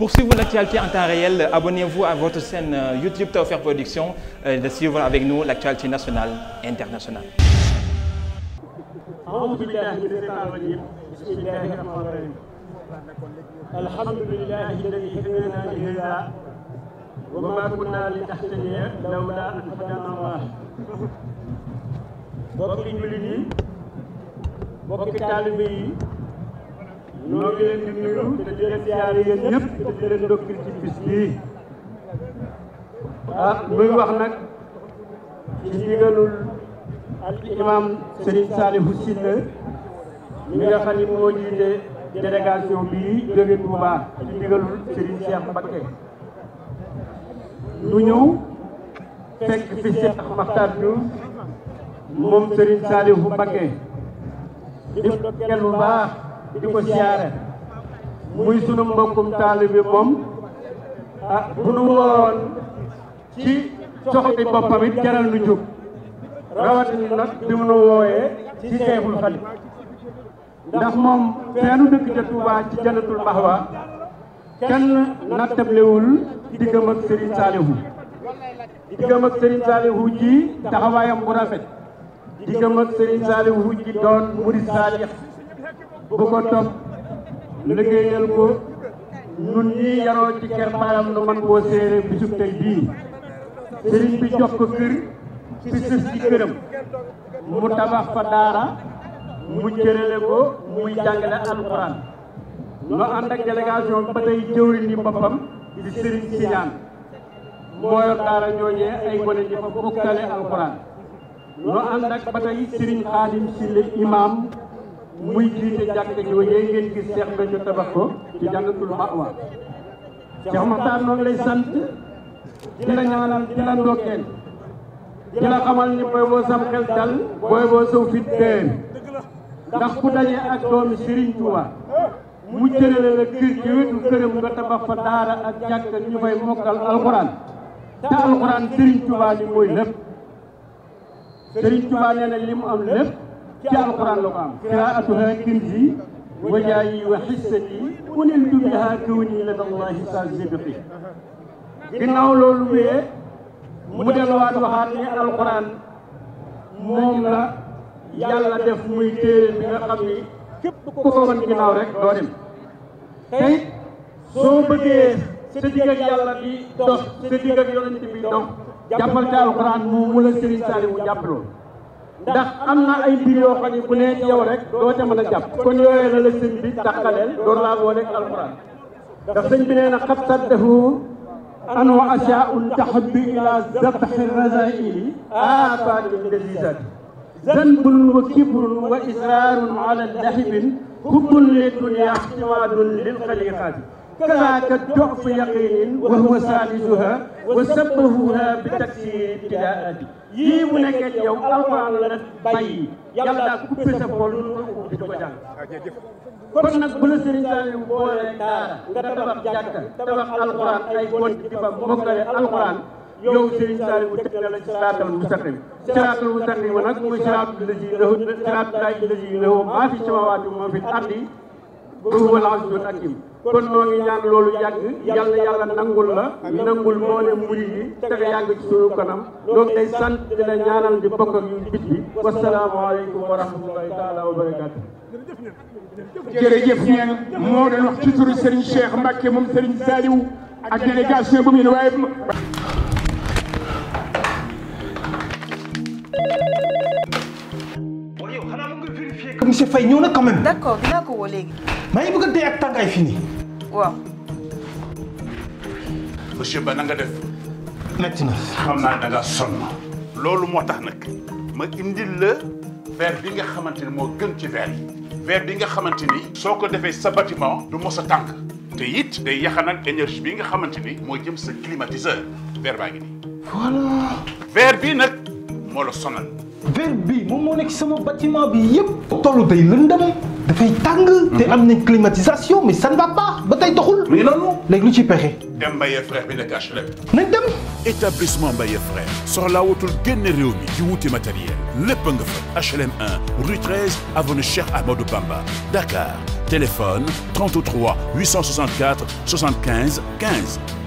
Pour suivre l'actualité en temps réel, abonnez-vous à votre chaîne euh, YouTube Tawfekh Production et euh, de suivre avec nous l'actualité nationale et internationale. A'uuzu billaahi mina shaytaani rajiim. Bismillaahi rahmaani rahiim. Alhamdulillaahi llazii hadaanaa lihaazaa wa maa kunnaa linahtadiya lawlaa an hadaanaa Allaah. Bokki jullit yi, bokki taalibe yi ñoo ngi leen di nuyu te di leen siyaare yéen te di ndokkil ci bis bii ah muy wax nag ci ndigalul al imam Serigne Salihou Sylla mi nga xam ni moo jiite délégation bii jóge Touba ci ndigalul Serigne Cheikh Mbacké du ñëw fekk fi Cheikh Makhtar Diouf moom Serigne Salihou Mbacké di ndokkeel bu baax di ko siyaare muy sunu mbokkum taalibe moom ah bu nu wooroon ci soxli di it jaral nu jóg rawatina nag bi mu nu wooyee ci Seexul Xadiim ndax moom feenu dëkk ca Touba ci Jannatul Mahwa kenn nattablewul diggam ak Serigne Saliou diggam ak Serigne Saliou ji taxawaayam bu rafet diggam ak Serigne Saliou ji doon murid saalix bu ko topp liggéeyal ko nun ñii yaroo ci ker mbaaram nu man koo séere bisub tey bii sëriñ bi jox ko kër ci sës ci mu tabax fa daara mu jërale ko muy jàngale alxuraan lu ànd ak délégation ba tey jëwriñ di sëriñ Siñaan moo daara ñooñee ay gone di fa alxuraan lu ànd ak ba tey sëriñ imaam muy jiite jàkk ji waaye ngeen gis Cheikh Béthio tabax ko ci jànnatul ma'wa Cheikh Makhtar noo ngi lay sant di la ñaanal di la ndokkeel di la xamal ni booy boo sam xel dal booy boo sow fit teen ndax ku daje ak doomi Serigne Touba mu jëlale la kër ci wetu këram nga tabax fa daara ak jàkka ñu fay mokkal alxuraan te alxuraan Serigne Touba li mooy lépp Serigne Touba nee na li mu am lépp ci alquran la ko am qiraatuha kirji wajaayi wa xissati uniltu biha kawni lada allahi sa sidqi ginnaaw loolu wéyee mu delluwaat waxaat ni alquran moom la yàlla def muy téere nga xam ni képp ko wan ginnaaw rek doo dem tey soo bëggee sa yàlla di dox sa yonent bi dox jàppal ci alquran moom la Sëriñ Saaliw mu jàpp ndax am na ay mbir yoo xam ne ku ne yow rek doo ca mën a jàpp kon yooyee na la sëñ bi tàqaleel door laa boo rek alxuraan ndax sëñ bi nee na xat saddahu an wa ashaa'un tahabbi ila zabhi razaili afaatun lazizati zanbun wa kibrun wa israarun ala lahibin hubbun li dunya ihtiwaadun lil xaliqaati كذاك الضعف يقين وهو ثالثها وسببوها بتكسير ابتداء bi yii mu nekk ak yow alxuraan la bàyyi yàlla daa coupé sa xol di ko jàng kon nag bu la sëriñ Saliou boole daara nga tabax jàkka tabax alxuraan ay gone di fa mokkale alxuraan yow sëriñ Saliou teg na la ci siraatal mustaqim siraatal mustaqim nag mooy siraatul lazi lahu siraatul lazi lahu maa fi samawaati maa fi ardi ba huwal azizul hakim kon noo ngi ñaan loolu yàgg yàlla yàlla nangul la nangul mboolem murid yi te nga yàgg ci suñu kanam donc day sant di la ñaanal di bokk ak yu bit bi wasalaamaaleykum wa rahmatullahi taala wa barakaatu jërëjëf ñeen moo doon wax ci turu Serigne Cheikh Mbacke moom Serigne Saliou ak délégation bu mu yéen waaye monsieur Faye ñëw na quand même. d'accord dinaa ko woo léegi. maa ngi bëgg a dee ak tàngaay fii nii. waaw. monsieur Ba na nga def. metti na. xam naa da nga sonn. loolu moo tax nag ma indil la verre bi nga xamante ni moo gën ci verre yi. verre bi nga xamante ni. soo ko defee sa bâtiment du mos a tànk. te it day yaxanal énergie bi nga xamante ni moo jëm sa climatiseur verre baa ngi nii. voilà. verre bii nag moo la sonal. verre bii moom sama bâtiment bi yëpp. tollu day lëndëm dafay tàng. te am nañ mais ça ne va pas ba tey doxul. mais loolu léegi lu ci pexe. dem Mbaye frère bi nekk HLM. nañ dem. établissement Mbaye frère soxlaa wutul génn réew mi di wuti matériel lépp nga fa HLM 1 rue 13 avenue Cheikh Amadou Bamba Dakar téléphone 33 864 75 15.